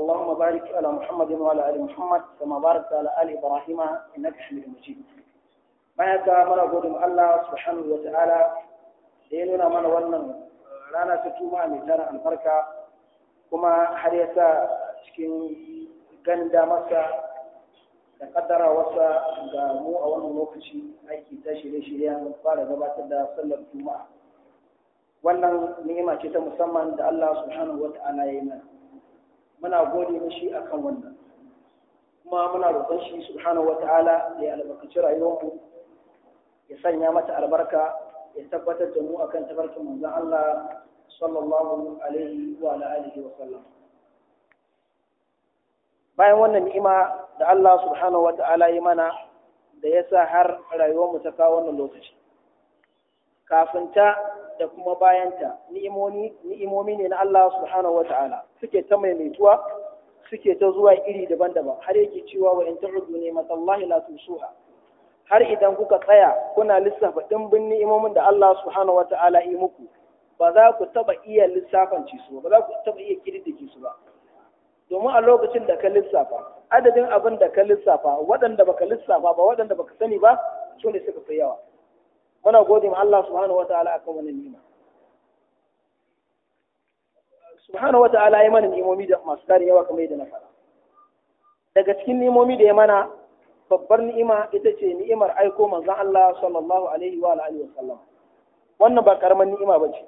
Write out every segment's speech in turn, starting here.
اللهم بارك على محمد وعلى ال محمد كما باركت على ال ابراهيم انك حميد مجيد bayan ka godin Allah subhanahu wa ta'ala ya nuna mana wannan rana ta tuma mai tara albarka kuma har yasa cikin ganda masa da kaddara wasa ga mu a wannan lokaci aiki ta shirye-shiryen fara gabatar da sallar juma'a wannan ni'ima ce ta musamman da Allah subhanahu wa ta'ala ya yi mana muna gode mashi akan wannan kuma muna roƙon shi subhanahu wata'ala ya albarkaci rayuwarmu ya sanya mata albarka ya tabbatar da mu akan tabarkin manzon Allah sallallahu alaihi wa alihi wa sallam bayan wannan ni'ima da Allah subhanahu wa ta'ala yi mana da ya sa har rayuwarmu ta kawo wannan lokaci kafin ta da kuma bayanta ni'imomi ne na Allah subhanahu wa ta'ala suke ta maimaituwa suke ta zuwa iri daban-daban har yake cewa wa in ne ni'matallahi la tusuha har idan kuka tsaya kuna lissafa dimbin ni'imomin da Allah subhanahu wa ta'ala yi muku ba za ku taba iya lissafan su ba za ku taba iya kididdige su ba domin a lokacin da ka lissafa adadin abin da ka lissafa waɗanda baka lissafa ba waɗanda baka sani ba su ne suka fi yawa muna gode ma Allah subhanahu wataala akan wannan ni'ima subhanahu wataala ya mana ni'imomi da masu tare yawa kamar yadda na faɗa daga cikin ni'imomi da ya mana babbar ni'ima ita ce ni'imar aiko manzon Allah sallallahu alaihi wa alihi wasallam wannan ba karamar ni'ima ba ce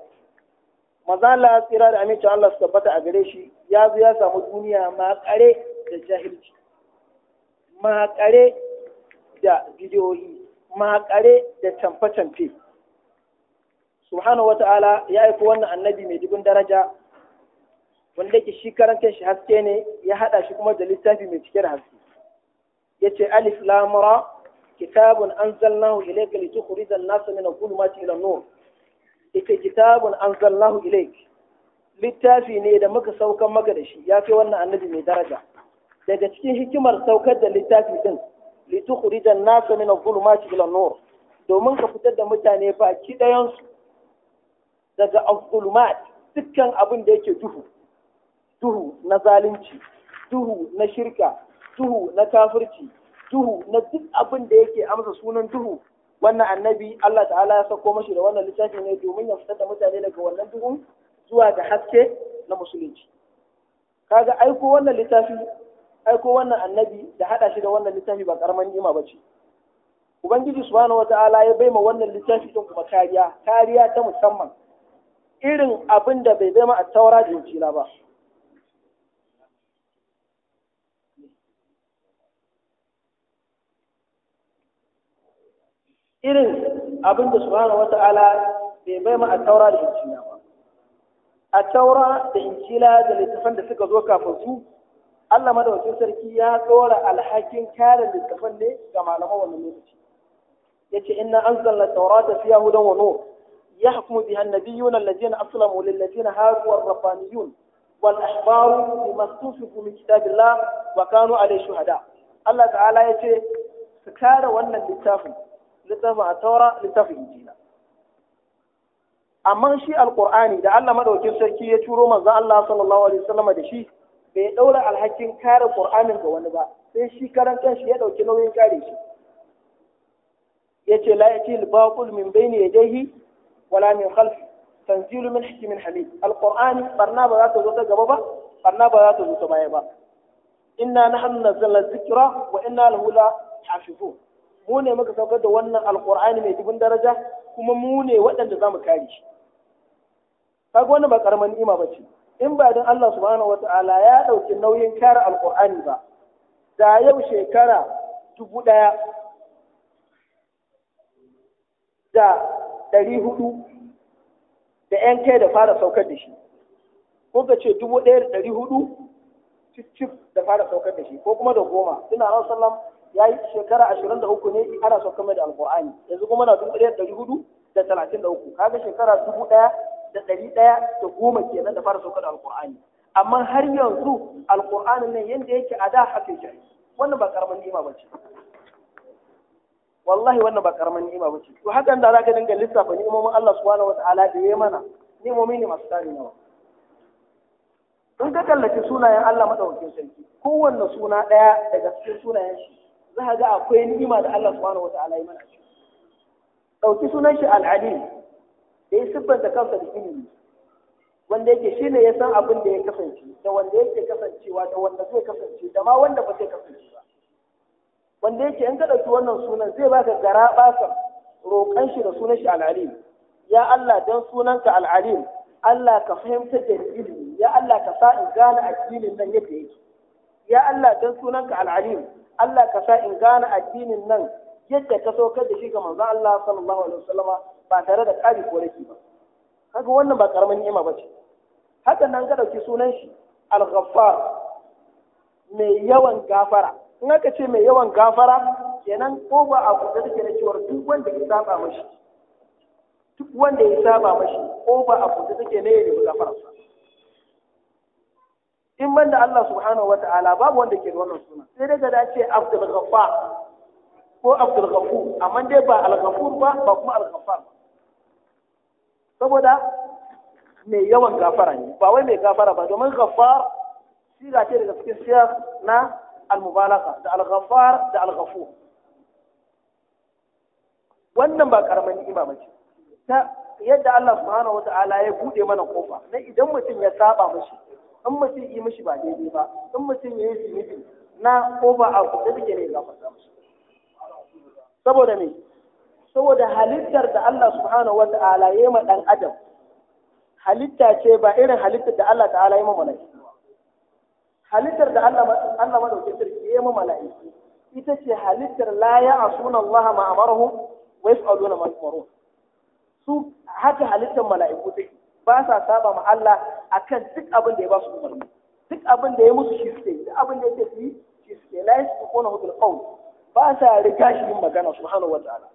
manzon Allah tsira da Aminci Allah su tabbata a gare shi ya zo ya samu duniya ma kare da jahilci ma kare da bidiyoyi makare da camfe-camfe subhanahu wa ta'ala ya aiko wannan annabi mai dubin daraja wanda ke shi karantar shi haske ne ya haɗa shi kuma da littafi mai cike da haske ya ce alif lamura kitabun ka ilayka kuri an-nasa min kulu mati ila nur ita kitabun an zallahu ilayka littafi ne da muka saukan maka da shi ya fi wannan annabi mai daraja daga cikin hikimar saukar da littafi din litukhrijan nasa min adh-dhulumati ila an-nur domin ka fitar da mutane ba ki dayan su daga adh-dhulumat dukkan abin da yake duhu duhu na zalunci duhu na shirka duhu na kafirci duhu na duk abin da yake amsa sunan duhu wannan annabi Allah ta'ala ya sako mashi da wannan littafi ne domin ya fitar da mutane daga wannan duhun zuwa ga haske na musulunci kaga aiko wannan littafi aiko wannan annabi da haɗa shi da wannan littafi ba karamar ni'ima ba ce ubangiji subhanahu wataala ya baima wannan littafi din kuma kariya kariya ta musamman irin abin da bai baima a taura da injila ba irin abin da subhanahu wataala bai baima a taura da injila ba a taura da injila da littafan da suka zo kafin su Allah madawacin sarki ya tsora alhakin kare littafan ne ga malaman wannan lokaci yace inna ta tawrata fiha hudan Ya nur yahkumu hannabi an-nabiyyuna alladhina aslamu lil na hadu war-rabbaniyun wal ahbaru bima masu min kitabillah wa kanu alayhi shuhada Allah ta'ala ce su kare wannan littafin littafin a taura littafin injila amma shi Alƙur'ani da Allah madaukin sarki ya turo manzon Allah sallallahu alaihi wasallam da shi bai daura alhakin kare qur'anin ga wani ba sai shi karan shi ya ɗauki nauyin kare shi yace ce la yati al-baqul min bayni yadayhi wala min khalfi tanzilu min hikmin hamid alqur'ani barna ba za ta zo ta gaba ba barna ba za ta zo ta baya ba inna nahnu nazzalna dhikra wa inna lahu la hafizun mu ne muka saukar da wannan alqur'ani mai dubin daraja kuma mu ne waɗanda za mu kare shi kaga wannan ba karaman ni'ima ba ce in ba don Allah subhanahu ta'ala ya ɗauki nauyin kare alƙur'ani ba da yau shekara dubu ɗaya da ɗari hudu da ‘yan kai da fara saukar da shi ko ka ce dubu ɗaya da ɗari hudu cif da fara saukar da shi ko kuma da goma ina ran sallam ya yi shekara ashirin da uku ne ana saukar mai da alƙur'ani yanzu kuma na dubu ɗaya da ɗari hudu da talatin da uku kaga shekara dubu ɗaya da ɗari ɗaya da goma kenan da fara saukar alƙur'ani amma har yanzu alƙur'ani nan yadda yake a da haka yake wannan ba karamin ni'ima ba ce wallahi wannan ba karamin ni'ima ba ce to hakan da za ka dinga lissafa ni'imomin Allah subhanahu wa ta'ala da yayi mana ni'imomi ne masu tsari nawa in ka kallaki sunayen Allah madaukakin sarki kowanne suna ɗaya daga cikin sunayen shi za ka ga akwai ni'ima da Allah subhanahu wa ta'ala yayi mana ɗauki sunan shi al-alim da ya siffanta kansa da ilimi wanda yake shi ne ya san abin da ya kasance da wanda yake kasancewa da wanda zai kasance da ma wanda ba zai kasance ba wanda yake in ka ɗauki wannan sunan zai baka gara basa roƙan shi da sunan shi al'alim ya Allah dan sunanka al'alim Allah ka fahimta da ilimi ya Allah ka sa in gane addinin nan yadda yake ya Allah dan sunanka al'alim Allah ka sa in gane addinin nan yadda ka saukar da shi ga manzo Allah sallallahu alaihi wasallam ba tare da kari ko raki ba kaga wannan ba karamin ni'ima bace haka nan ka dauki sunan shi al-ghaffar mai yawan gafara in aka ce mai yawan gafara kenan ko ba a kusa take da cewa duk wanda ya saba mashi duk wanda ya saba mashi ko ba a kusa take ne ya yi gafara in banda Allah subhanahu wa ta'ala babu wanda ke da wannan suna sai daga da ce Abdul Ghaffar ko abdul ghafur amma dai ba al ghafur ba ba kuma al ghaffar saboda mai yawan gafara ne ba wai mai gafara ba domin ghaffar ga ce daga cikin siyar na al mubalagha da al ghaffar da al ghafur wannan ba karamin ni'ima ba mace, ta yadda Allah subhanahu wata'ala ta'ala ya bude mana kofa na idan mutum ya saba mashi in mutum yi mashi ba daidai ba in mutum ya yi zunubi na kofa a kuɗe take ne gafarta mashi saboda ne saboda halittar da Allah subhanahu wa ta'ala ya yi ma dan adam halitta ce ba irin halittar da Allah ta'ala ya yi ma mala'iku halittar da Allah Allah madauke sarki ya yi ma mala'iku ita ce halittar la ya asuna Allah ma amarahum wa yas'aluna ma yumarun su haka halittar mala'iku take ba sa saba ma Allah akan duk abin da ya ba su umarni duk abin da ya musu shi suke duk abin da ya ce su yi shi suke la yasbiquna bil qawl ba sa riga shi yin magana subhanahu wataala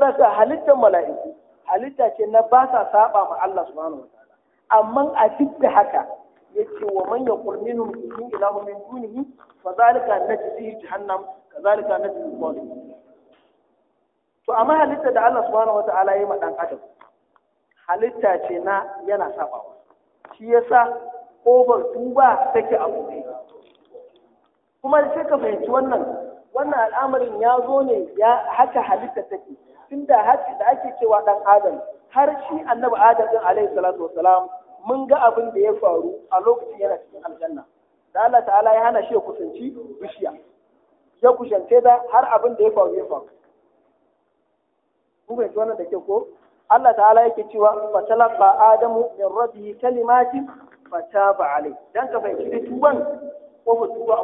da sa halittar mala'iku halitta ce na ba sa saba ma Allah subhanahu wataala amma a duk da haka yake wa man ya qurminu min ilahu min dunihi fa zalika najzihi jahannam kazalika najzi zalimin to amma halitta da Allah subhanahu wataala yayi ma dan adam halitta ce na yana sabawa shi yasa kofar tuba take a buɗe kuma sai ka fahimci wannan wannan al'amarin ya zo ne ya haka halitta take tunda haka da ake cewa dan adam har shi annabi adam din alaihi salatu wasalam mun ga abin da ya faru a lokacin yana cikin aljanna da Allah ta'ala ya hana shi ya kusanci bishiya ya kusance da har abin da ya faru ya faru kuma fahimci wannan da ke ko Allah ta'ala yake cewa fa talaqa adamu min rabbi kalimatin taba alai dan ka fahimci kidi tuban ko mutuwa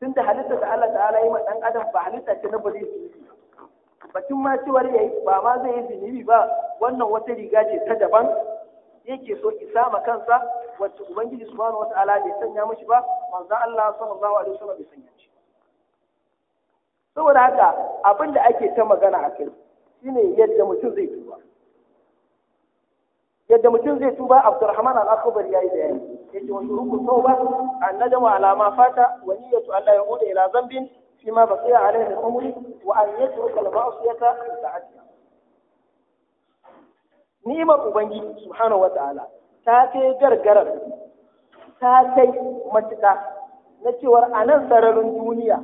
Tunda halitta da Allah ta'ala yi ma ɗan adam ba halitta ce na ba zai zunubi batun ma cewar ya yi ba ma zai yi zunubi ba wannan wata riga ce ta daban yake so isa ma kansa wacce ubangiji subhanahu wata'ala bai sanya mishi ba manzo Allah sallallahu alaihi wasallam bai sanya shi saboda haka abin da ake ta magana a kai shine yadda mutum zai tuba yadda mutum zai tuba Abdurrahman al-Akhbar yayi bayani yace wa shuruku tauba an-nadam ala ma fata wa niyyatu alla yauda ila dhanbin fima baqiya alayhi al-umr wa an yatruka al-ma'siyata fi sa'atiha ni'imar ubangiji subhanahu ta'ala ta kai gargarar ta kai matuka na cewar a nan sararin duniya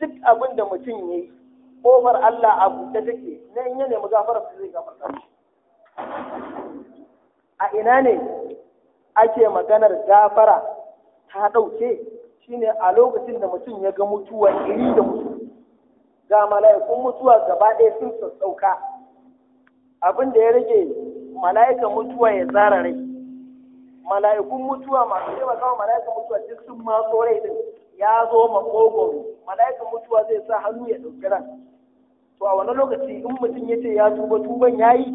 duk abin da mutum ya yi ƙofar Allah a buɗe take na in ya nemi su zai gafarta shi a ina ne ake maganar gafara ta ɗauke shine a lokacin da mutum ya ga mutuwa iri da mutu ga mala'ikun mutuwa gaba ɗaya sun sassauka abin da ya rage mala'ikan mutuwa ya tsara rai mala'ikun mutuwa masu taimaka wa mala'ikan mutuwa duk sun maso rai din ya zo makogoro mala'ikan mutuwa zai sa hannu ya ɗauki ran to a wani lokaci in mutum ya ce ya tuba tuban ya yi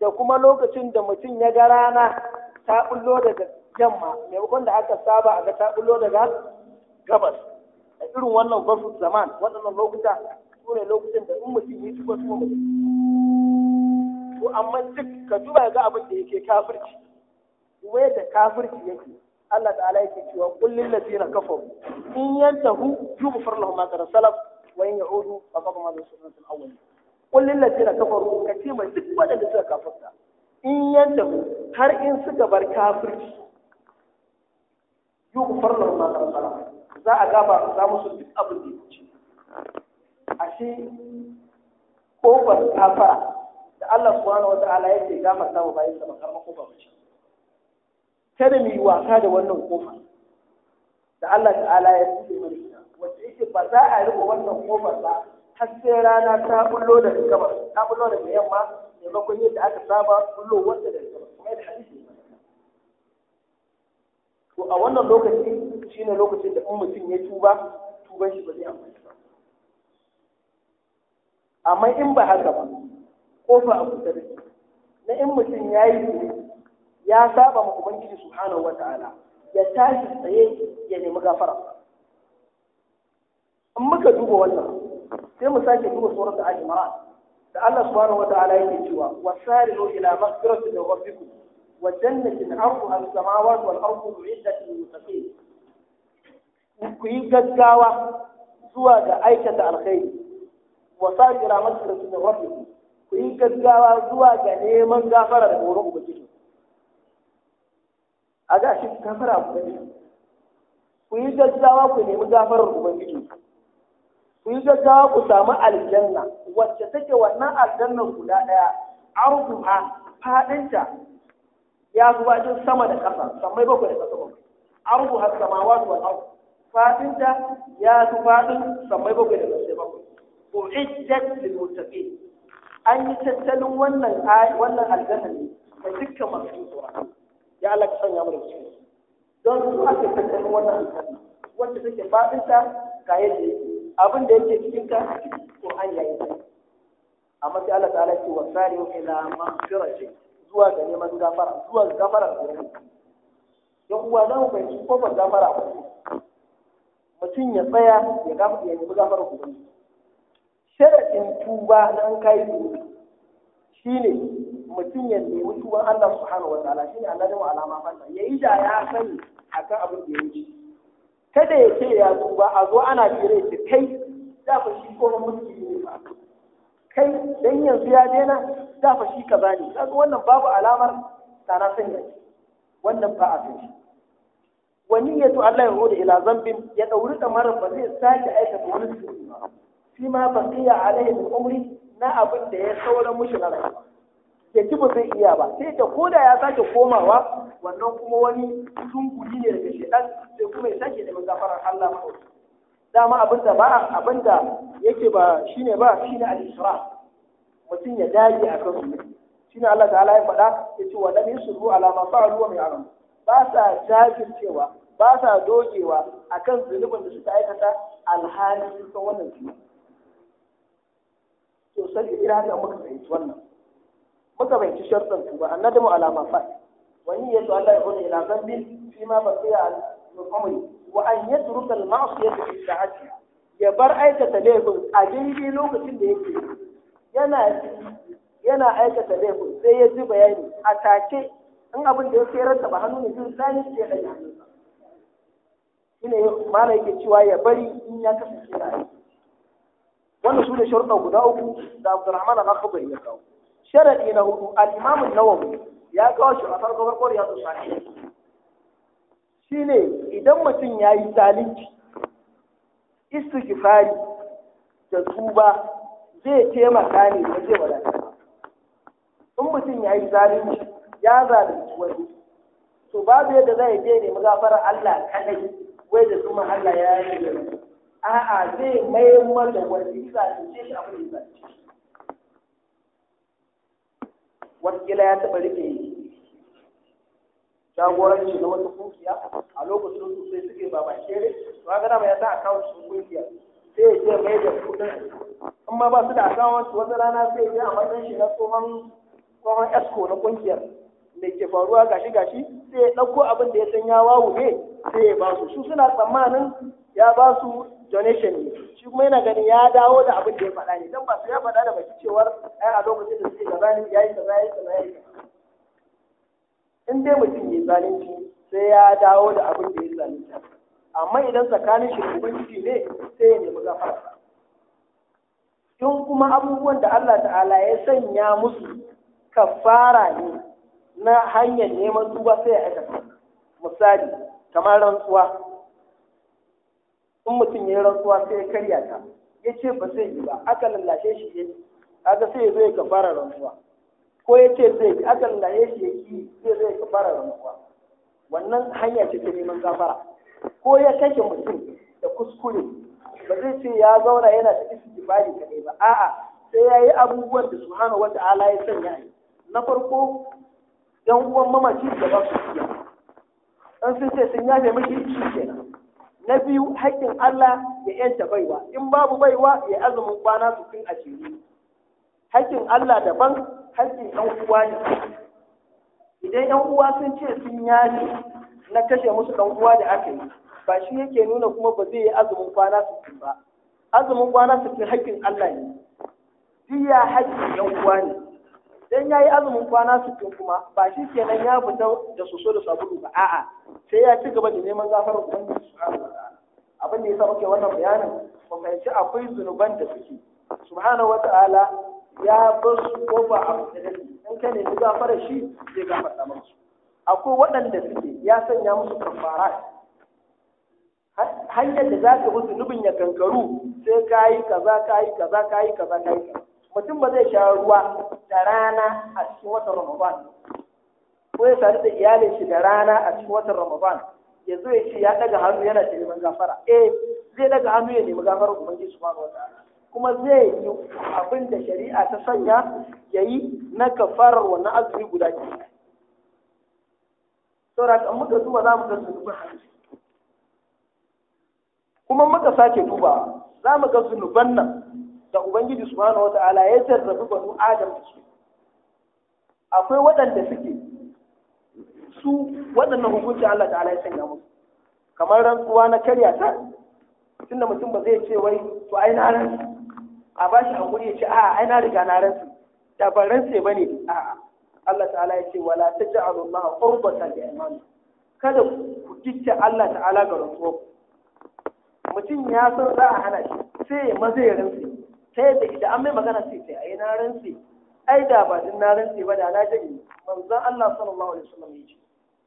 da kuma lokacin da mutum ya ga rana ta bullo daga yamma maimakon da aka saba a ga ta bullo daga gabas a irin wannan basu zaman waɗannan lokuta su ne lokacin da in mutum yi tuba tuba mutum ko amma duk ka duba ga abin da yake kafirci kuma yadda kafirci yake Allah ta'ala yake cewa kullin ladina kafaru in yantahu yughfar lahum ma qad salaf wa in ya'udu faqad ma dhalika al kullin na kafaru ka ce mai duk waɗanda suka kafirta in yadda har in suka bar kafirci yi kufar nan ma karsala za a gaba za su duk abin da ya wuce ashe kofar kafara da Allah subhanahu wata'ala yake gama wa bayan sa makarma kofa mace kada mu yi wasa da wannan kofa da Allah ta'ala ya buɗe mana wacce yake ba za a riƙe wannan kofar ba har sai rana ta bullo da gabas ta bullo daga yamma maimakon yadda aka saba bullo wanda daga gabas kuma da hadisi to a wannan lokaci shine lokacin da in mutum ya tuba tuban shi ba zai amfani ba amma in ba haka ba kofa a kusa da na in mutum ya yi ya saba ma ubangiji subhanahu wataala ya tashi tsaye ya nemi gafara in muka duba wannan sai mu sake duba surar da al-imran da Allah subhanahu wataala yake cewa wasari'u ila maghfiratin min rabbikum wa jannatin arduha as-samawati wal ardu uiddat lil muttaqin ku yi gaggawa zuwa ga aikata alkhairi wa sari'u ila maghfiratin min rabbikum ku yi gaggawa zuwa ga neman gafara da wurin ubangiji a ga shi gafara ubangiji ku yi gaggawa ku nemi gafarar ubangiji ku yi ga ku samu aljanna wacce take wannan aljanna guda ɗaya arduha faɗinta ya zuba cikin sama da ƙasa sammai bakwai da ƙasa bakwai arduha samawatu wal ardh faɗinta ya zuba faɗin sammai bakwai da ƙasa bakwai iddat lil muttaqin an yi tattalin wannan wannan aljanna ne ga dukkan masu zuwa ya Allah ka sanya mu da cikin don su ake tattalin wannan aljanna wacce take faɗinta ga yadda yake abin da yake cikin ka an ya yi amma sai Allah ta'ala ce wa ila maghfirati zuwa ga neman gafara zuwa ga gafara ya kuwa za mu fahimci kofar gafara mutum ya tsaya ya gafa ya nemi gafara ubangiji sharadin tuba nan kai shine mutum ya nemi tuban Allah subhanahu wataala shi shine Allah da alama fanna yayi da ya sani akan abin da ya wuce kada ya ce ya duba a zo ana kire shi kai za fa shi ko mulki ne ba kai dan yanzu ya daina za fa shi kaza ne kaga wannan babu alamar tana sanya wannan ba a san shi wani ya to Allah ya roda ila zambin ya dauri marar ba zai sake aikata wani su ba shi ma baqiya alaihi umri na abin da ya saura mushi na rayuwa ya ci ba zai iya ba sai ta koda ya sake komawa wannan kuma wani sunkuri ne daga shedan sai kuma ya sake neman gafarar Allah ma dama abin da ba abin da yake ba shine ba shine al-isra mutum ya dage akan su shine Allah ta'ala ya faɗa ce wa lam yusru ala ma fa'alu wa ya'lam ba sa jajircewa ba sa dogewa akan zulubin da suka aikata alhali sun wannan zunubi to sai ira da muka fahimci wannan muka bai ci sharɗin su ba annadamu alama fa wani ya su Allah ya kone ila zambi shi ma ba sai al-umri wa an yatruka al-ma'siyata fi sa'ati ya bar aikata laifin a daidai lokacin da yake yana yana aikata laifin sai ya ji bayani a take in abin da ya sayar da ba hannu ne zai sani ce da yanzu shine mala yake cewa ya bari in ya kasance na wannan su ne sharuɗa guda uku da Abdulrahman al-Akhbar ya kawo sharadi na hudu al-imam an-nawawi ya kawo shi a farko farko ya zo shine idan mutum ya yi zalunci istighfari da tuba zai taimaka ne ba zai wadata in mutum ya yi zalunci ya zalunci wani to babu yadda zai je ne magafarar Allah kadai wai da kuma Allah ya yi a'a zai mai mata wani zalunce shi abin da zalunce watakila ya taɓa rike jagoranci na wata kungiya a lokacin su sai suke ba ba shere to haka dama ya sa account sun kungiya sai ya je mai da kudin in ma ba su da account wata rana sai ya a matsayin shi na tsohon tsohon esco na kungiyar Da ke faruwa gashi gashi sai ya ɗauko abin da ya san ya wawu ne sai ya ba su su suna tsammanin ya ba su donation ne shi kuma yana ganin ya dawo da abin da ya faɗa ne don ba su ya faɗa da baki cewar ai a lokacin da suke gaba ne yi kaza yayi kaza yayi kaza in dai mutum ya zalunci sai ya dawo da abin da ya zalunta amma idan tsakanin shi shi ne sai ya nemi gafarsa in kuma abubuwan da Allah ta'ala ya sanya musu kafara ne na hanyar neman duba sai ya aikata misali kamar rantsuwa in mutum ya yi rantsuwa sai ya karya ta ya ce ba zai yi ba aka lallashe shi ya aka sai ya zo ya kafara rantsuwa ko ya ce zai yi aka lallashe shi ya ki sai zai kafara rantsuwa wannan hanya ce ta neman gafara ko ya kashe mutum da kuskure ba zai ce ya zauna yana da istighfari kadai ba a'a sai ya yi abubuwan da subhanahu wata'ala ya sanya ne na farko yan uwan mamaci da ba su iya an sun ce sun yafe miki shi kenan na biyu haƙƙin Allah ya yanta baiwa in babu baiwa ya azumin kwana sittin a jere haƙƙin Allah daban haƙƙin ɗan uwa ne idan ɗan uwa sun ce sun yari na kashe musu ɗan uwa da aka yi ba shi yake nuna kuma ba zai yi azumin kwana sittin ba azumin kwana sittin haƙƙin Allah ne jiya haƙƙin ɗan uwa ne dan ya yi azumin kwana sittin kuma ba shi kenan ya fita da soso da sabulu ba a'a sai ya ci gaba da neman gafarar ubangiji subhanahu wa abin da yasa muke wannan bayanin mu fahimci akwai zunuban da suke subhanahu wa ta'ala ya bar su kofa ba a musulunci in ka nemi gafarar shi zai gafarta musu akwai waɗanda suke ya sanya musu kafara hanyar da za ka bi zunubin ya kankaru sai ka yi kaza ka yi kaza ka yi kaza ka yi kaza mutum ba zai sha ruwa da rana a cikin watan ramadan ko ya sadu da iyalin shi da rana a cikin watan ramadan ya zo ya ce ya daga hannu yana ce neman gafara eh zai daga hannu ya nemi gafara ubangiji subhanahu wata kuma zai yi abin da shari'a ta sanya ya yi na kafarar wannan azumi guda ke saura kan muka zuwa za mu ga zunubin hannu kuma muka sake duba za mu ga zunuban nan da ubangiji subhanahu wata'ala ya jarrabi banu adam da su akwai waɗanda suke su waɗannan hukunci Allah ta'ala ya sanya musu kamar rantsuwa na karya ta tunda mutum ba zai ce wai to ai na rantsu a ba shi hankuri ya ce a'a ai na riga na rantsu da ban ba bane a'a Allah ta'ala ya ce wala taj'alu Allah qurbatan li imani kada ku kicce Allah ta'ala ga rantsuwa mutum ya san za a hana shi sai ya maza ya ta yadda idan an mai magana sai sai ai na ai da ba din na rantse ba da na janye manzon Allah sallallahu alaihi wasallam ya ce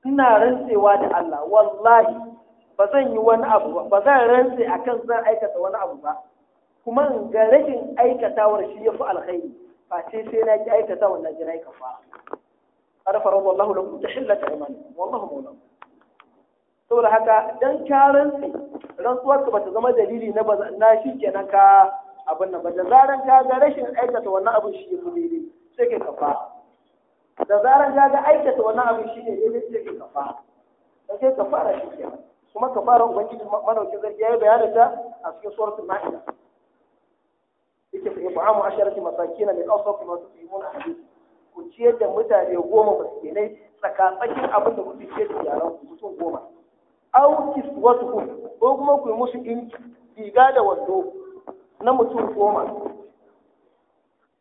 ina rantsewa da Allah wallahi ba zan yi wani abu ba ba zan rantse akan zan aikata wani abu ba kuma ga rashin aikatawar shi yafi alkhairi fa ce sai na ki aikata wannan jira ka fa qad farada lakum tahillat aymanikum wallahu mawlakum saboda haka dan ka rantse rantsuwar ka bata zama dalili na na shi kenan ka abin nan ba da zaran ka ga rashin aikata wannan abin shi ne daidai sai ka kafa da zaran ka ga aikata wannan abin shi ne daidai sai ka kafa da sai kafara shi ke kuma kafara ubangiji madaukin zargi yi bayanin ta a cikin suratul ma'ida yake fa ibamu asharati masakin min awsaf ma tusimuna hadith ku ciyar da mutane goma maskinai tsakatsakin abin da kuke ciyar da yaran ku mutum goma au kiswatuhum ko kuma ku yi musu dinki riga da wando na mutum goma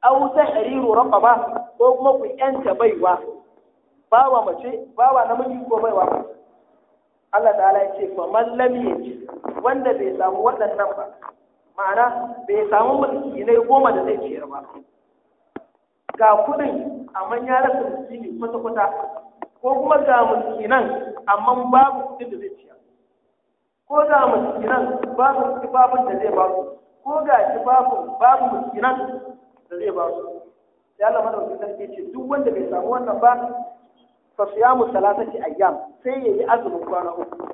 auta hariru raqaba ko kuma ku yanta baiwa bawa mace bawa namiji ko baiwa Allah ta'ala ya ce fa man lam yaji wanda bai samu waɗannan ba ma'ana bai samu mulki ne goma da zai ciyar ba ga kuɗin amma ya rasa mulki ne kwata-kwata ko kuma ga mulki nan amma babu kudin da zai ciyar ko ga mulki nan babu kuɗi da zai ba ko ga shi babu babu miskinan da zai ba su sai Allah madaukakin sarki ce duk wanda bai samu wannan ba fa siyamu salatati ayyam sai yayi azumin kwana uku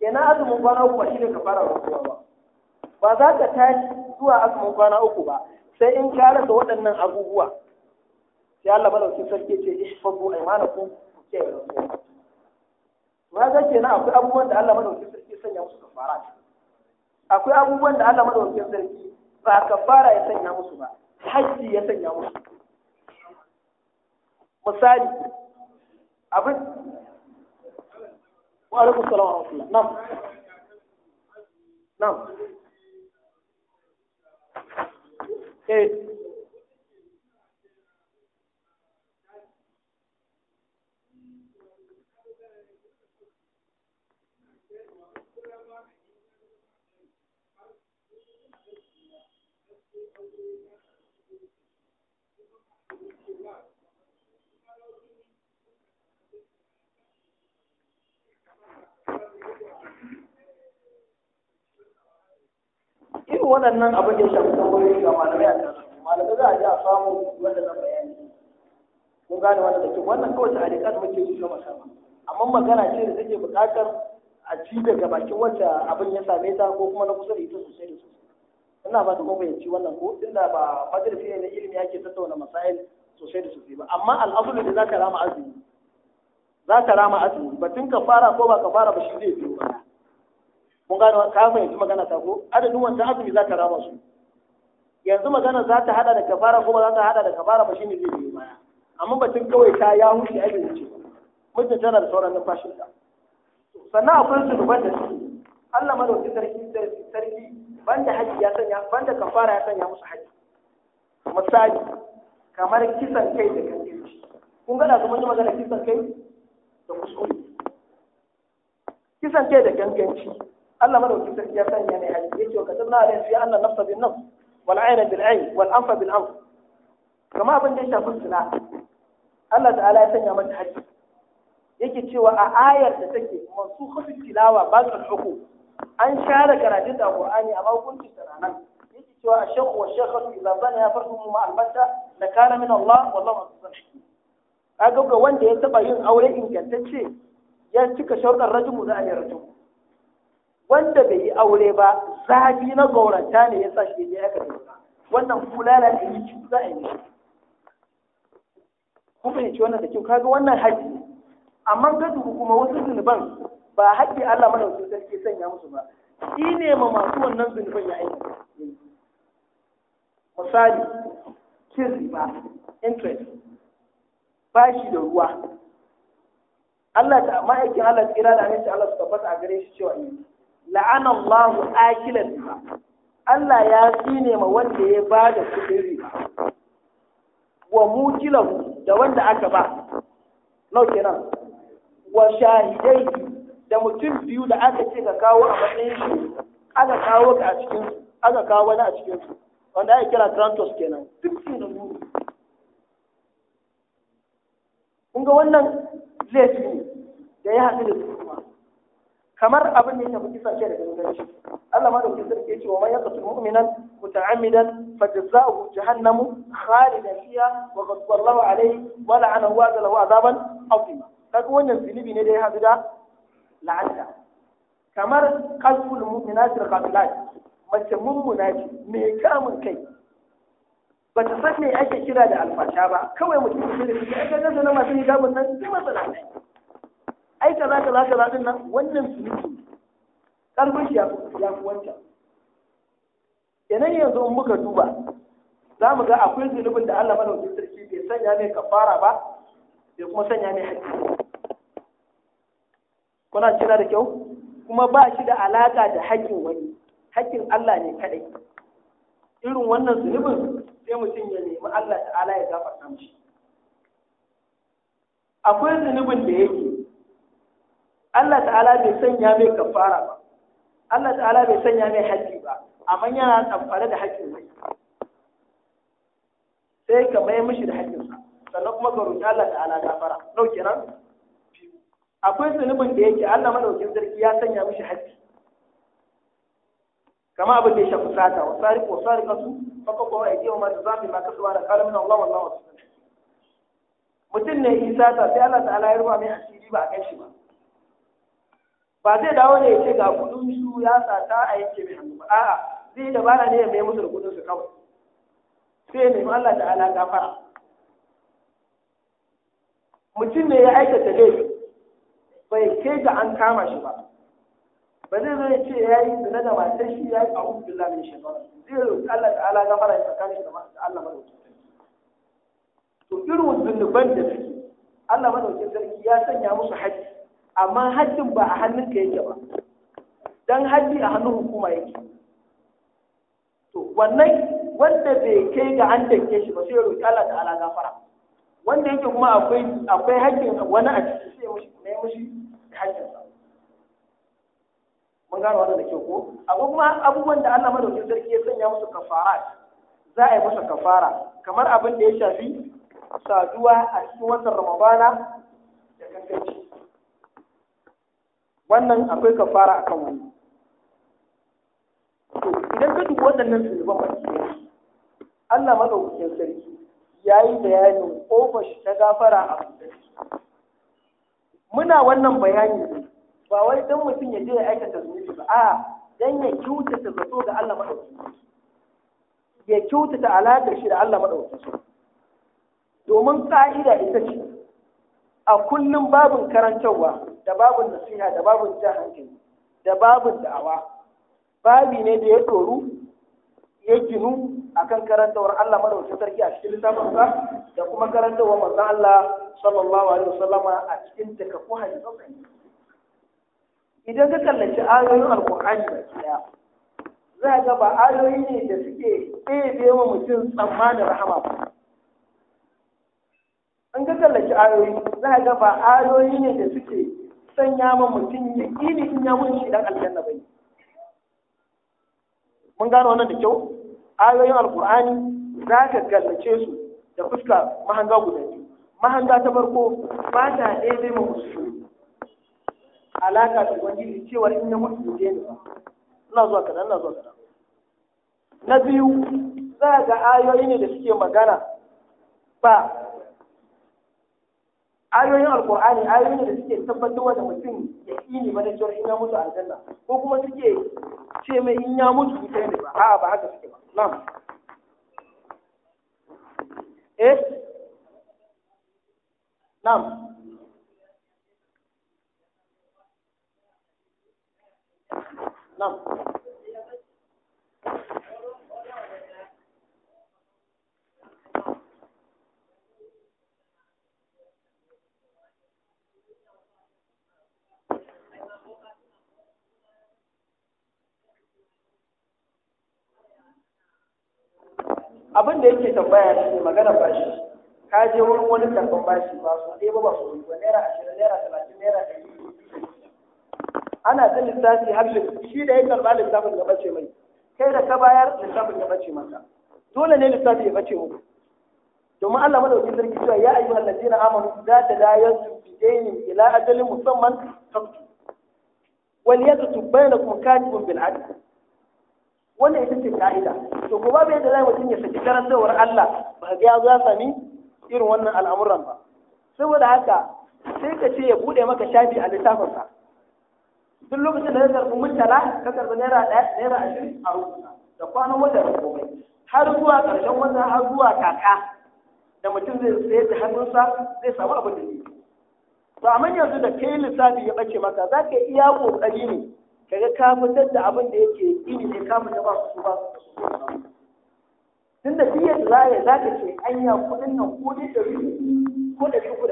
kenan azumin kwana uku ne ka fara rukuwa ba ba za ka tashi zuwa azumin kwana uku ba sai in ka rasa waɗannan abubuwa sai Allah madaukakin sarki ce ihfazu aymanakum ke kiyaye rukuwa ma za kenan akwai abubuwan da Allah madaukakin sarki sanya musu kafara akwai abubuwan da Allah madaukakin sarki ba kafara ya sanya musu ba hajji ya sanya musu misali abin wa alaikum salam wa rahmatullah nam nam eh waɗannan abin da shafi tambayoyi ga malamai a kan malamai za a ji a samu wanda na bayani ko gane wanda da ke wannan kawai ta hadikat muke su sama sama amma magana ce da take buƙatar a ci daga bakin wacce abin ya same ta ko kuma na kusa da ita sosai da sosai ina ba ta kuma fahimci wannan ko inda ba madarasi ne na ilimi ake tattauna masail sosai da sosai ba amma al'asulu da za ka rama azumi za ka rama azumi batun ka fara ko ba ka fara ba shi zai biyo ba mun gano ka fahimci magana ta ko adadin wancan azumi za ka rama su yanzu magana za ta hada da kafara kuma za ta hada da kafara ba shine zai yi baya amma batun kawai ta ya huce ai bai wuce mutum tana da sauran numfashin ta sannan akwai zunuban da suke Allah madauki sarki sarki banda haji ya sanya banda kafara ya sanya musu haji misali kamar kisan kai da kankanci kun gana su mun yi magana kisan kai da kuskure kisan kai da ganganci Allah madaukakin sarki ya sanya mai hali yace wa katabna alayhi fi anna nafsa bin nafs wal ayna bil ayn wal anfa bil anf kama abin da ya shafi zina Allah ta'ala ya sanya mata haji yake cewa a ayar da take masu mansukhatul tilawa baqul hukum an share karatun da Qur'ani amma hukuncin sa ranan yake cewa ash-shaykh wa shaykha idza zana farhum ma al-bata la kana min Allah wallahu azizun hakim kaga ga wanda ya taba yin aure ingantacce ya cika sharuɗar rajimu za a yi rajimu. wanda bai yi aure ba zafi na gauranta ne ya sa shi ya aka yi wannan fulala da yi za a yi kun fahimci wannan da kyau kaga wannan haji amma ka dubu kuma wasu zunuban ba haƙƙi Allah mana wasu sarki sanya musu ba shi ne ma masu wannan zunuban ya aiki misali cin riba interest bashi da ruwa Allah ta ma'aikin Allah tsira da amince Allah su tabbata a gare shi cewa yi la'ana Allah akilan riba Allah ya tsine ma wanda ya ba da kuɗin riba wa mukilahu da wanda aka ba nau kenan wa shahidai da mutum biyu da aka ce ka kawo a matsayin shi aka kawo ka a cikin su aka kawo wani a cikin su wanda ake kira Krantos kenan duk su da mu. kun ga wannan laifi ne da ya haɗu da su kamar abin da ya tafi kisa da ganganci Allah ma da kuke sarki ce wa man yaqtul mu'minan muta'ammidan fajza'uhu jahannamu khalidan fiha wa qad sallahu alayhi wa la'anahu wa wa azaban azima kaga wannan zunubi ne da ya hadu da la'anta kamar qalbul mu'minati qabilat mace mummuna ce ka kamun kai ba ta san me ake kira da alfasha ba kawai mutum ne da shi da ga nan masu hijabun nan sai masa la'anta ai kaza kaza kaza din nan wannan surutu Ƙarfin shi ya fi wancan Idan yanzu in muka duba za mu ga akwai zunubin da Allah madaukakin sarki bai sanya mai kafara ba bai kuma sanya mai haƙƙi kuna cina da kyau kuma ba shi da alaƙa da haƙƙin wani haƙƙin Allah ne kaɗai irin wannan zunubin sai mutum ya nemi Allah ta'ala ya gafarta mishi akwai zunubin da yake Allah ta'ala bai sanya mai kafara ba Allah ta'ala bai sanya mai haji ba amma yana tsamfare da haƙƙin mai sai ka mai mishi da sa sannan kuma ka roƙi Allah ta'ala gafara nau kenan akwai zunubin da yake Allah madaukin sarki ya sanya mishi haƙƙi kama abin da ya shafi sata wa sari ko sari kasu maka kowa ya kewa masu zafi ma kasu ba da kalamin Allah wallahu wasu mutum ne isa sata sai Allah ta'ala ya ruba mai asiri ba a kai shi ba ba zai dawo ne ya ce ga kudin su ya sa ta a yanke mai hannu ba a'a zai yi dabara ne ya mai musu da kudin su kawai sai ya nemi Allah ala gafara mutum ne ya aikata laifi bai kai ga an kama shi ba ba zai zo ya ce ya yi zina da matar shi ya yi a hukun billah mai shekaru zai roƙi Allah ala gafara ya tsakanin shi da Allah madaukakin to irin zunuban da suke Allah madaukakin sarki ya sanya musu haƙƙi amma haddin ba a hannunka yake ba don haddi a hannun hukuma yake to wannan wanda bai kai ga an danke shi ba sai ya roƙi Allah ta'ala gafara wanda yake kuma akwai akwai haƙƙin wani a ciki sai ya mushi ne mushi haƙƙin sa mun gano wannan da kyau ko akwai kuma abubuwan da Allah madaukakin sarki ya sanya musu kafara za a yi masa kafara kamar abin da ya shafi saduwa a cikin watan Ramadana da kankanci wannan akwai fara a kan wani to idan ka duk waɗannan zuba masu ɗaya Allah madaukakin sarki ya yi bayanin ƙofar shi ta gafara a muna wannan bayani ba wai don mutum ya je ya aikata zunubi ba a dan ya kyautata zato ga Allah madaukakin ya kyautata alaƙar shi da Allah madaukakin domin ƙa'ida ita ce a kullum babin karantarwa da babun nasiha da babun jan hankali da babun da'awa babi ne da ya doru ya ginu akan karantawar Allah madaukakin sarki a cikin littafinsa da kuma karantawar manzon Allah sallallahu alaihi wasallama a cikin takaffu hadisan idan ka kallaci ayoyin alkur'ani da kiya za ka ba ayoyi ne da suke ɗebe wa mutum tsammanin rahama ba in ka kallaci ayoyi za ka ba ayoyi ne da suke sanya ma mutum ya ƙini in ya mutu shi dan aljanna bai mun gano wannan da kyau ayoyin alkur'ani za ka gallace su da fuska mahanga guda biyu mahanga ta farko ba ta daidai ma musu alaka da ubangiji cewa in ya mutu ne ba ina zuwa kaza ina zuwa kaza na biyu za ga ayoyi ne da suke magana ba ayoyin alkur'ani ayoyin da suke tabbatar da mutum ya ini ba da cewa in ya mutu aljanna ko kuma suke ce mai in ya mutu kai ne ba a'a ba haka suke ba na'am eh na'am na'am abin da yake tambaya shi ne magana bashi ka je wurin wani karɓar bashi ba su ɗaya ba ba su ba naira ashirin naira talatin naira ɗari ana ta lissafi har shi da ya karɓa lissafin da bace mai kai da ka bayar lissafin da bace masa dole ne lissafi ya bace muku domin Allah madaukakin sarki cewa ya ayyuhal ladina amanu za ta la yanzu bidainin ila ajalin musamman tabtu wal yadu bainakum katibun bil adl wannan ita ce ka'ida to ko babu yadda zai mutum ya saki karantawar Allah ba ga ya za sami irin wannan al'amuran ba saboda haka sai ka ce ya bude maka shafi a sa duk lokacin da ka karbi mutala ka karbi naira 1 naira ashirin a rubuta da kwanan wata da komai har zuwa ƙarshen wata har zuwa kaka da mutum zai sayar da hannunsa zai samu abin da zai to amma yanzu da kai lissafi ya bace maka za ka iya kokari ne kaga ka fitar da abin da yake ne ka fita ba su ba tun da biyar laye za ka ce anya kudin nan ko ne ɗari ko ɗari uku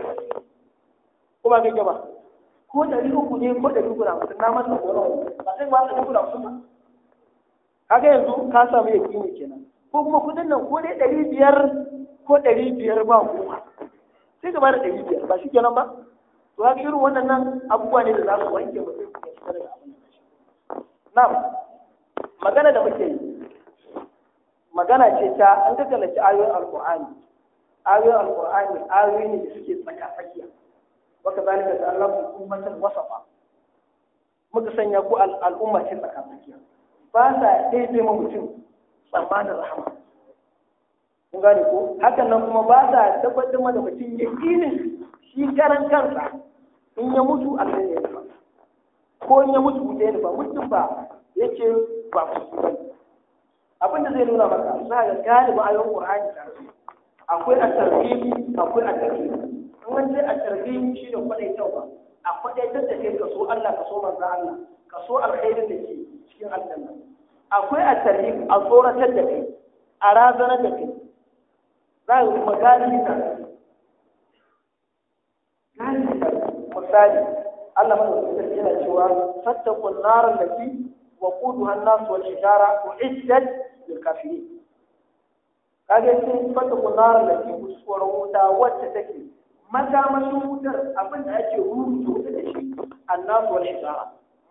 Ko ba kuma ga gaba ko ɗari uku ne ko ɗari uku da hamsin na masa goro ba sai ba ɗari uku da hamsin kaga yanzu ka samu ya kini kenan ko kuma kudin nan ko ne ɗari biyar ko ɗari biyar ba kuma sai gaba da ɗari biyar ba shi kenan ba to haka shirin wannan abubuwa ne da za su wanke mutum ya shiga da abin na'am magana da muke yi magana ce ta an tattalace ayoyin alkur'ani ayoyin alkur'ani ayoyi ne da suke tsaka tsakiya waka zalika da Allah ku wasa ba? muka sanya ku al'umma ce tsaka tsakiya ba sa daidai ma mutum tsammanin rahama kun gane ko hakan nan kuma ba sa tabbatar da mutum ya ƙinin shi karan kansa in ya mutu a sanya ya ko ya mutu wuce ne ba mutum ba yake ba ku ba abin da zai nuna maka za ga galiba ayoyin qur'ani akwai a tarhib akwai a tarhib wani zai a at-tarhib shi ne kwadai ba a kwadai da kai ka so Allah ka so manzo Allah ka so alkhairin da ke cikin aljanna akwai a tarhib a tsoratar da kai a razanar da kai za ka kuma galibi na galibi misali Allah madaukakin sarki yana cewa fattaqun naran lati wa quduha an-nas wal hijara uiddat lil kafirin kage sai fattaqun naran lati kusuwar wuta wacce take makamashin wutar abin da ake rubuta da shi an-nas wal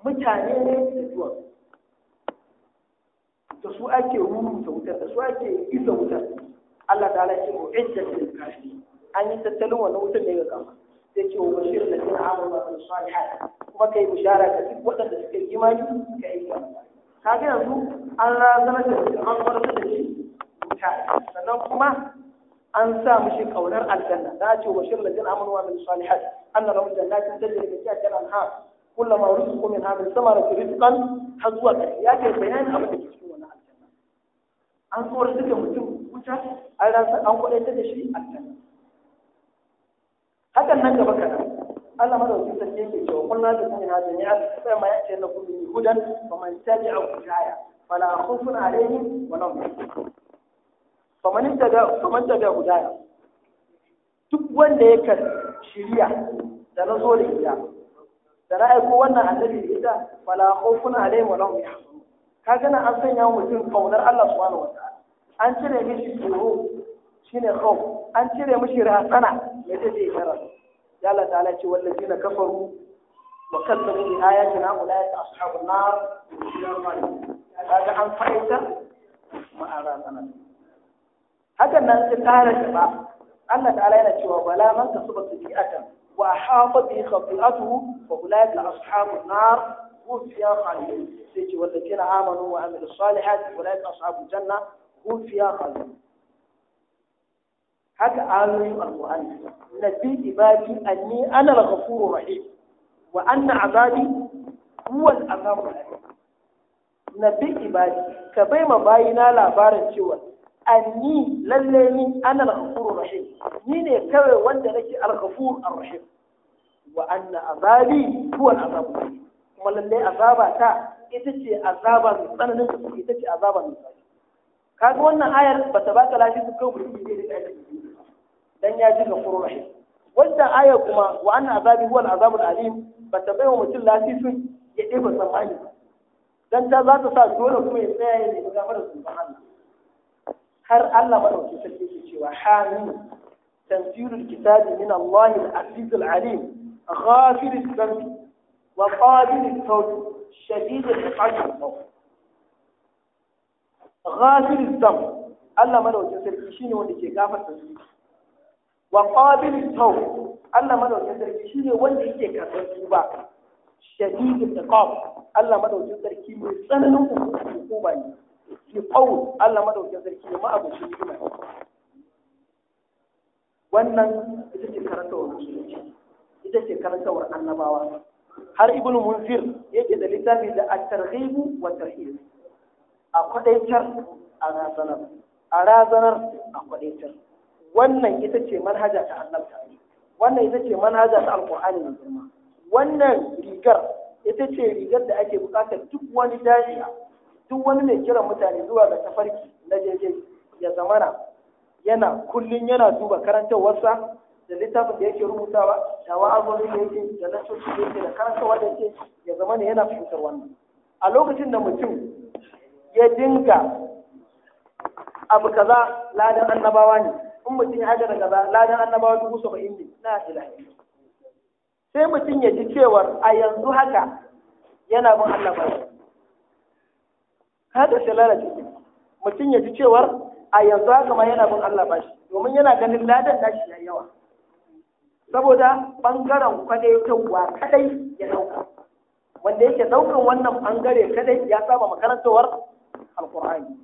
mutane ne da zuwa da su ake rubuta wutar da su ake isa wutar Allah ta ce uiddat lil kafirin an yi tattalin wannan wutar ne ga kafir sai wa bashir da sun amur da su kuma kai bishara ga duk waɗanda suka yi imani suka yi ka ga yanzu an razana da su an farko da shi ta sannan kuma an sa mishi kaunar aljanna za a ce wa bashir da sun amur ba su salihat an na rahu jannatin tajiri da kiyar jalan ha kullama rizqu min hadhihi samarati rizqan har zuwa ƙarshe ya ce bayanin abin da ke cikin aljanna an tsoratar da mutum wuta an rasa an kwaɗaitar da shi aljanna hakan nan gaba kaɗan Allah madauki sarki yake cewa kullum da sun yana jami'a sai ma yace na kullu yahudan fa man tabi'a hudaya fala khufun alaihim wa lahum fa man tada fa man tada hudaya duk wanda ya shiriya da na zo da ita da na aiko wannan annabi da ita fala khufun alaihim wa lahum Ka kaga na an sanya mutum kaunar Allah subhanahu wa ta'ala an cire mishi tsoro شنو الخوف أن شنو مشي رأى قنع لتجي مرض قال تعالى شو والذين كفروا وكذبوا بآياتنا أولئك أصحاب النار هذا عن فايدة ما أرانا هذا من قتال الشباب أن تعالى شو ولا من تصبت في أكل وأحاط به خطيئته وأولئك أصحاب النار هم فيها خالدون والذين آمنوا وعملوا الصالحات أولئك أصحاب الجنة هم فيها خالدون haka ayoyin alqur'ani na fi ibadi anni ana al-ghafurur rahim wa anna azabi huwa al-azabur na fi ibadi ka bai ma bayina labarin cewa anni lalle ni ana al-ghafurur rahim ni ne kawai wanda nake al-ghafur ar-rahim wa anna azabi huwa al-azabur kuma lalle azaba ta ita ce azaba mai tsananin ita ce azaba mai tsananin kaga wannan ayar ba ta baka lafiya kan mutum ne da aiki dan ya ji ga furuhi wannan ayar kuma wa anna azabi huwa al-azabul alim ba ta bai wa mutum su ya ɗeba samani dan ta za ta sa dole kuma ya tsaya ya nemi gafara subhanahu har Allah dauki sarki ke cewa hamim tanzilul kitabi min Allah al-aziz al-alim ghafir al-dhanb وقابل التوب al الحجم ghafir zam Allah madaukin sarki shine wanda ke gafarta zunubi wa qabil taw Allah madaukin sarki shine wanda yake karɓar tuba الله ما Allah madaukin sarki mai tsananin hukuma ne ki Allah madaukin sarki ne ma'abucin hikima wannan ita ce karanta wa musulunci ita ce karanta wa annabawa har ibnu munzir yake da littafi da at-targhib wa tarhib a kwadaitar a razanar a razanar a kwadaitar wannan ita ce manhaja ta annabta wannan ita ce manhaja ta alqur'ani mai girma wannan rigar ita ce rigar da ake bukatar duk wani dashiya duk wani mai kiran mutane zuwa ga tafarki na daidai ya zamana yana kullum yana duba karantarwarsa da littafin da yake rubutawa da wa'azon da yake da nasoci da yake da karantarwa da yake ya zamana yana fahimtar wannan a lokacin da mutum ya dinka abu kaza ladan annabawa ne in mutum ya da kaza ladan annabawa dubu saba'in ne na ila sai mutum ya ji cewar a yanzu haka yana bin Allah ba haka sai lalace mutum ya ji cewar a yanzu haka ma yana bin Allah ba domin yana ganin ladan da ya yawa saboda bangaren wa kadai ya dauka wanda yake daukan wannan bangare kadai ya saba makarantawar alƙur'ani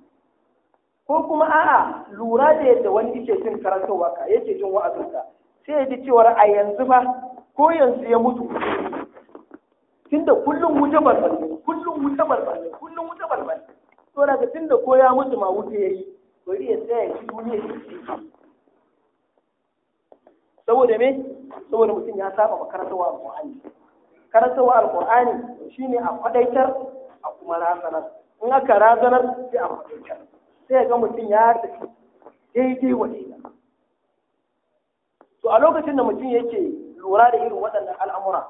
ko kuma a'a lura da yadda wani yake jin karantarwa ka yake jin wa'azinka sai ya ji cewar a yanzu ba ko yanzu ya mutu tunda kullum wuta barbar kullum wuta barbar kullum wuta barbar to daga tunda ko ya mutu ma wuta yayi bari ya tsaya shi duniya shi saboda me saboda mutum ya saba ma karantarwa alƙur'ani karantarwa alƙur'ani shine a kwadaitar a kuma rasanar in aka razanar sai a mutunta sai ga mutum ya tafi daidai wasila to a lokacin da mutum yake lura da irin waɗannan al'amura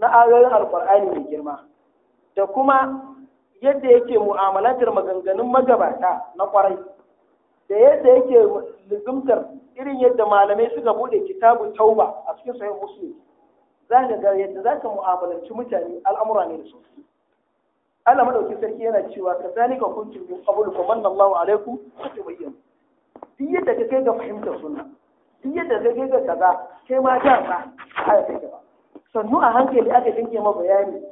na ayoyin alƙur'ani mai girma da kuma yadda yake mu'amalantar maganganun magabata na ƙwarai da yadda yake lizumtar irin yadda malamai suka buɗe kitabu tauba a cikin sahih muslim za ka ga yadda za ka mu'amalanci mutane al'amura ne da sosai Allah madauki sarki yana cewa ka ka kuntum min qablu fa manna Allahu alaikum bayyana. duk yadda ka kai ga fahimtar sunna duk yadda ka kai ga kaza kai ma ta ba haya kai ba sannu a hankali aka dinke ma bayani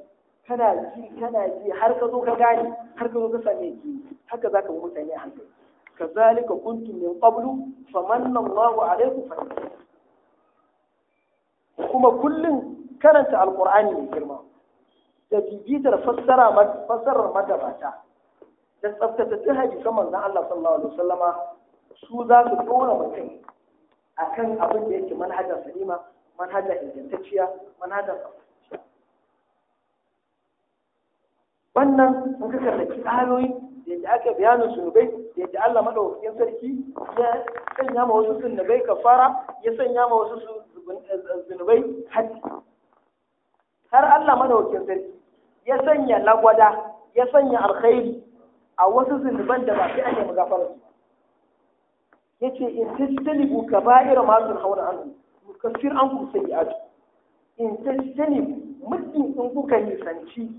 kana ji kana ji har ka zo ka gane har ka zo ka same ki haka zaka mu mutane a hankali kazalika kuntum min qablu fa manna Allahu alaikum fatabayyanu kuma kullum karanta alqur'ani mai girma da bibitar fassarar magabata da tsaftatattun hadisan manzon Allah sallallahu alaihi wasallama su za su tona mutum akan abin da yake manhajar salima manhajar ingantacciya manhajar wannan in ka kallaki ayoyi da yadda aka bayanin zunubai da yadda Allah madaukakin sarki ya sanya ma wasu zunubai kafara ya sanya ma wasu zunubai haddi har Allah madaukakin sarki ya sanya lagwada ya sanya alkhairi a wasu zunuban da ba sai an yi gafarar su ce in tajtanibu kaba'ira ma an ku sai ya sayyi'atu in tajtanibu muddin in kuka nisanci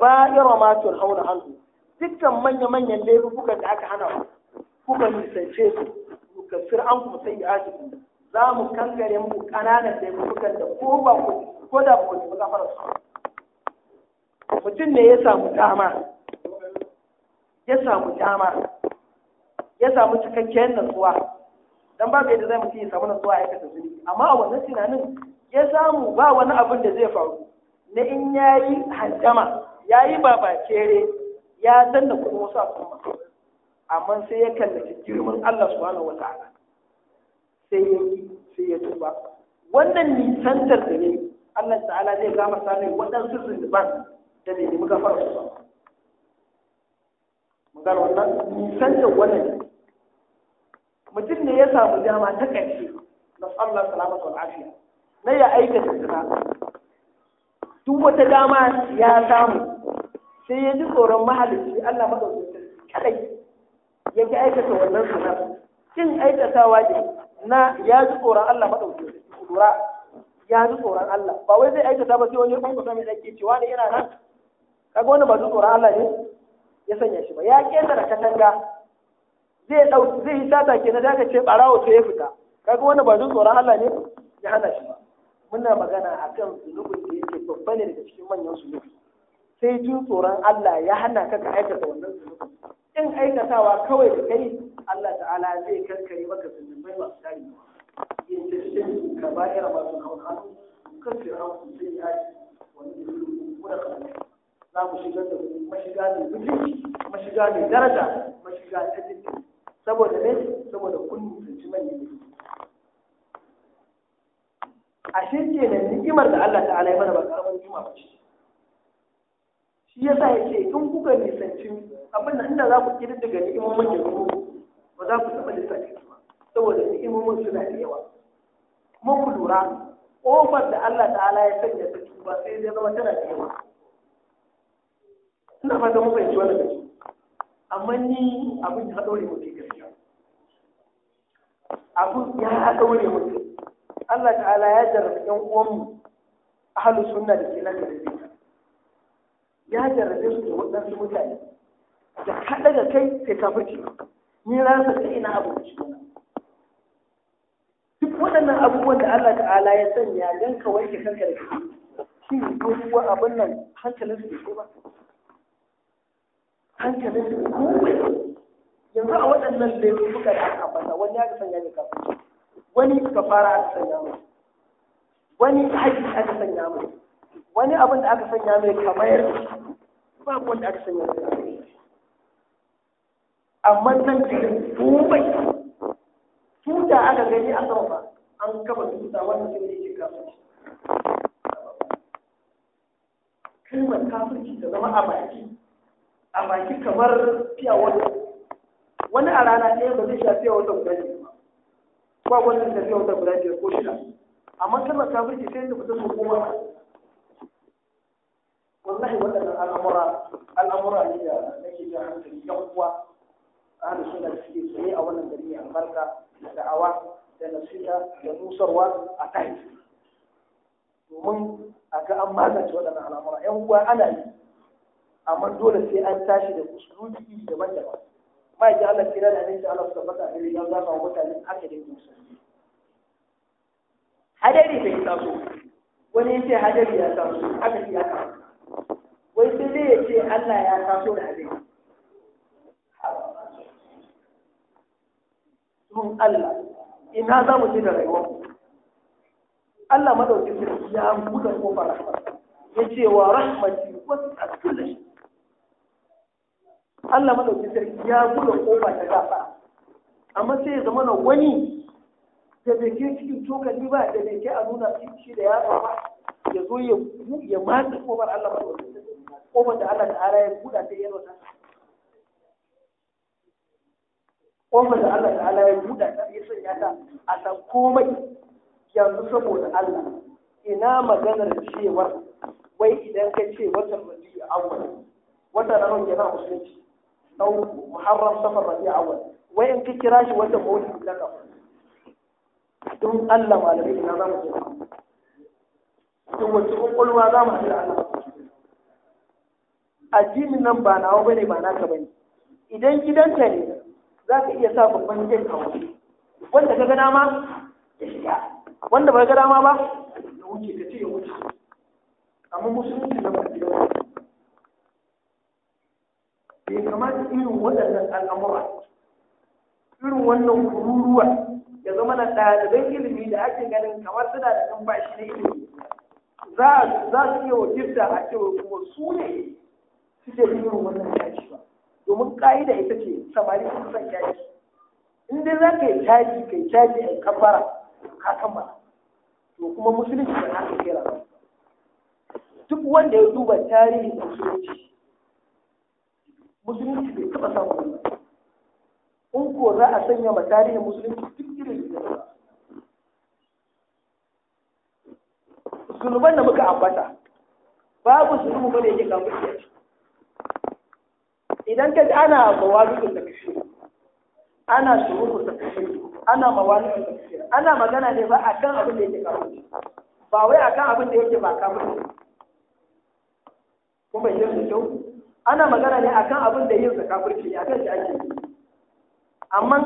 ba'ira ma tunhauna anhu dukkan manya-manyan laifukan da aka hana ku kuka nisance su sai ya sayyi'atu za mu kankare mu ƙananan laifukan da ko ba ku ko da ba ku nemi gafarar su mutum ne ya samu dama ya samu dama ya samu cikakkiyar natsuwa dan babu yadda zai mutum ya samu natsuwa ya kasa zuri amma a wannan tunanin ya samu ba wani abin da zai faru na in ya yi handama ya yi babacere ya danna kuma wasu abubuwa. amma sai ya kallaci girman Allah subhanahu wa ta'ala sai ya yi sai ya tuba wannan nisantar da ne Allah ta'ala zai gama samun waɗansu zunuban da ne nemi gafara su ba mun gano wannan nisan da wannan mutum ne ya samu dama ta ƙarshe na tsallar salamata wal afiya na ya aikata zina duk wata dama ya samu sai ya ji tsoron mahalicci Allah madaukakin kadai ya ki aikata wannan zina kin aikatawa ne na ya ji tsoron Allah madaukakin lura ya ji tsoron Allah ba wai zai aikata ba sai wani ya sami da ke cewa ne yana nan kaga wani ba tsoron Allah ne ya sanya shi ba ya ƙetare katanga zai ɗauki zai yi sata kenan da aka ce ɓarawo sai ya fita kaga wani ba tsoron Allah ne ya hana shi ba muna magana akan zunubin da yake babba ne daga cikin manyan zunubi sai jin tsoron Allah ya hana ka ka aikata wannan zunubi in aikatawa kawai da kai Allah ta'ala zai kankare maka zunubai masu tari in ta shi ka bayar masu kawo kanu kan fir'aun sai zai yi wani zunubi ko da kamar za ku shigar da ku mashiga ne mutunci mashiga ne daraja mashiga ta jini saboda ne saboda kun mutunci manyan ne ashe ke nan, ni'imar da Allah ta'ala ya mana ba karamin juma ba ce shi yasa ya ce in kuka nisanci abin da inda za ku kididdiga ni'imomin da ku ba za ku taɓa lissafi ba saboda ni'imomin suna da yawa kuma ku lura ƙofar da Allah ta'ala ya sanya ta tuba sai ya zama tana da yawa ina fata mun fahimci wannan gaci amma ni abin ya daure mu ke gaskiya abin ya daure mu Allah ta'ala ya jarrabi ɗan uwan ahlus sunna da ke nan da ya jarrabe su da waɗansu mutane da kaɗa da kai sai ka fice ni rasa ta ina abinci duk waɗannan abubuwan da Allah ta'ala ya sanya don ka wanke kanka da shi shi ne ko abin nan hankalin su da shi ba hankalin da komai yanzu a waɗannan laifuka da aka fasa wani ya sanya ne kafin wani suka fara aka sanya mai wani haƙi aka sanya mai wani abin da aka sanya mai kamar ba wanda aka sanya mai amma nan cikin komai tuta aka gani a sama ba an kama tuta wanda sai da yake kafin kalmar kafirci ta zama a baki a baki kamar fiya wata wani a rana ɗaya ba zai sha fiya wata guda ne ba wannan da fiya wata guda biyar ko shida amma ta kafirci sai da mutum su koma wallahi waɗannan al'amura al'amura ne da nake jan hankali yan uwa da suna da suke tsaye a wannan gari mai albarka da da'awa da nasiha da nusarwa a kai domin a ga an magance waɗannan al'amura ƴan uwa ana yi amma dole sai an tashi da usulubi iri daban-daban ma ji Allah kira da annabi Allah subhanahu wa ta'ala ya zama wa mutane aka da usulubi hadari bai taso wani yace hadari ya taso hadari ya taso wai sai dai yace Allah ya taso da hadari mun Allah ina za mu ci da rayuwar Allah madaukakin ya buɗe kofar rahmat yace wa rahmati wasat kullu shay Allah mana sarki ya buɗe ƙofa ta gafa amma sai ya zama wani da bai ke cikin cokali ba da bai ke a nuna shi da yaro ba ya zo ya ya matsa kofar Allah mana sarki da Allah ta'ala ya buɗa ta yaro ta ƙofar da Allah ta'ala ya buɗa ta ya sanya ta a san komai yanzu saboda Allah ina maganar cewar wai idan ka ce mutum ya awwal wata ranar yana musulunci أو محرم سفر ربيع أول وين في كراش وانت مولي لك ثم ألا ما لبيت نظام ثم تقول قل ما دام هذا الله addinin nan ba nawa bane ba naka bane idan gidanka ne za ka iya sa babban jin kawai wanda ka ga dama ba ya wuce ka ce ya wuce amma musulunci da ba bai kamata irin waɗannan al'amura irin wannan kururuwa ya zama na ɗaliban ilimi da ake ganin kamar suna da numfashi na ilimi za su iya wakilta a cewa kuma su ne suke irin wannan yashi ba domin ƙa'ida ita ce samari sun san yashi in dai za ka yi caji ka yi caji a kafara ka kammala to kuma musulunci za ka kera duk wanda ya duba tarihin musulunci musulunci bai taɓa samu in ko za a sanya ma tarihin musulunci duk irin da zunuban da muka ambata babu zunubu ba da yake kamar shi idan ka ana mawazin da kashe ana shuru da kashe ana mawazin da kashe ana magana ne ba akan abin da yake kamar ba wai akan abin da yake ba kamar kuma yanzu kyau ana magana ne akan abin da yin sa ne akan shi ake amma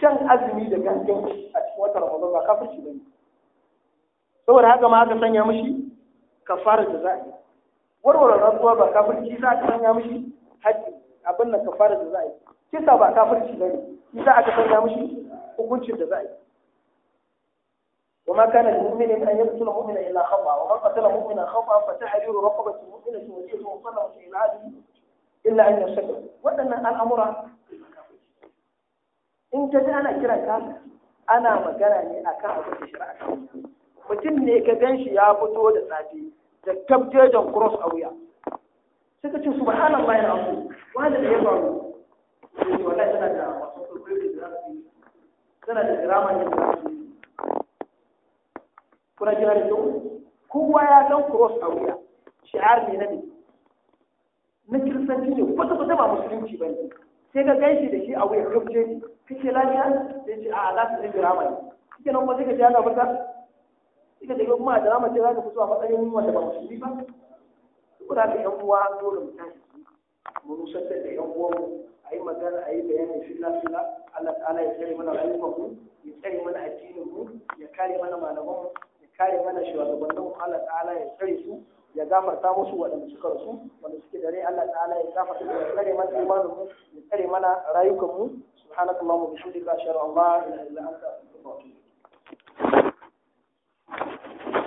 shan azumi da gangan a cikin watan Ramadan ba kafirci ba ne saboda haka ma aka sanya mishi kafara da za'a yi warware rantsuwa ba kafirci za ka sanya mishi haƙƙi abin nan kafara da za'a yi kisa ba kafirci ba ne kisa aka sanya mishi hukuncin da za'a yi وما كان لمؤمن أن يقتل مؤمنا إلا خطأ ومن قتل مؤمنا خطأ فتحرير رقبة مؤمنة ودية مصلحة إلى عدل إلا أن يشكر وأن الأمر in ka ji ana kiran ka ana magana ne akan abin da shari'a ta mutum ne ka gan shi ya fito da safe da kabjejan cross a wuya suka ce subhanallah ya abu wanda da ya faru sai wallahi tana da wasu kulkuli da za su yi tana da drama ne da kuna jihar da kyau kowa ya san cross a wuya shi'ar ne na biyu, na kiristanci ne kwata kwata ba musulunci ba ne sai ka gaishe da shi a wuya kafce ne kake lafiya sai ce a za su jira mai kike nan kuma sai ka ji ana fata kika da kuma a drama ce za ka fito a matsayin wanda ba musulmi ba kuna da yan uwa dole mu tashi mu nusantar da yan mu a yi magana a yi bayanin shi lafiya Allah ta'ala ya tsare mana rayuwar mu ya tsare mana addinin mu ya kare mana malaman mu kare mana shugabannin Allah ta'ala ya tsare su ya gafarta musu waɗanda suka rasu wanda suke dare Allah ta'ala ya gafarta ya tsare mana imanin mu ya tsare mana rayukan mu subhanakallahumma wa bihamdika ashhadu an la ilaha illa anta astaghfiruka wa atubu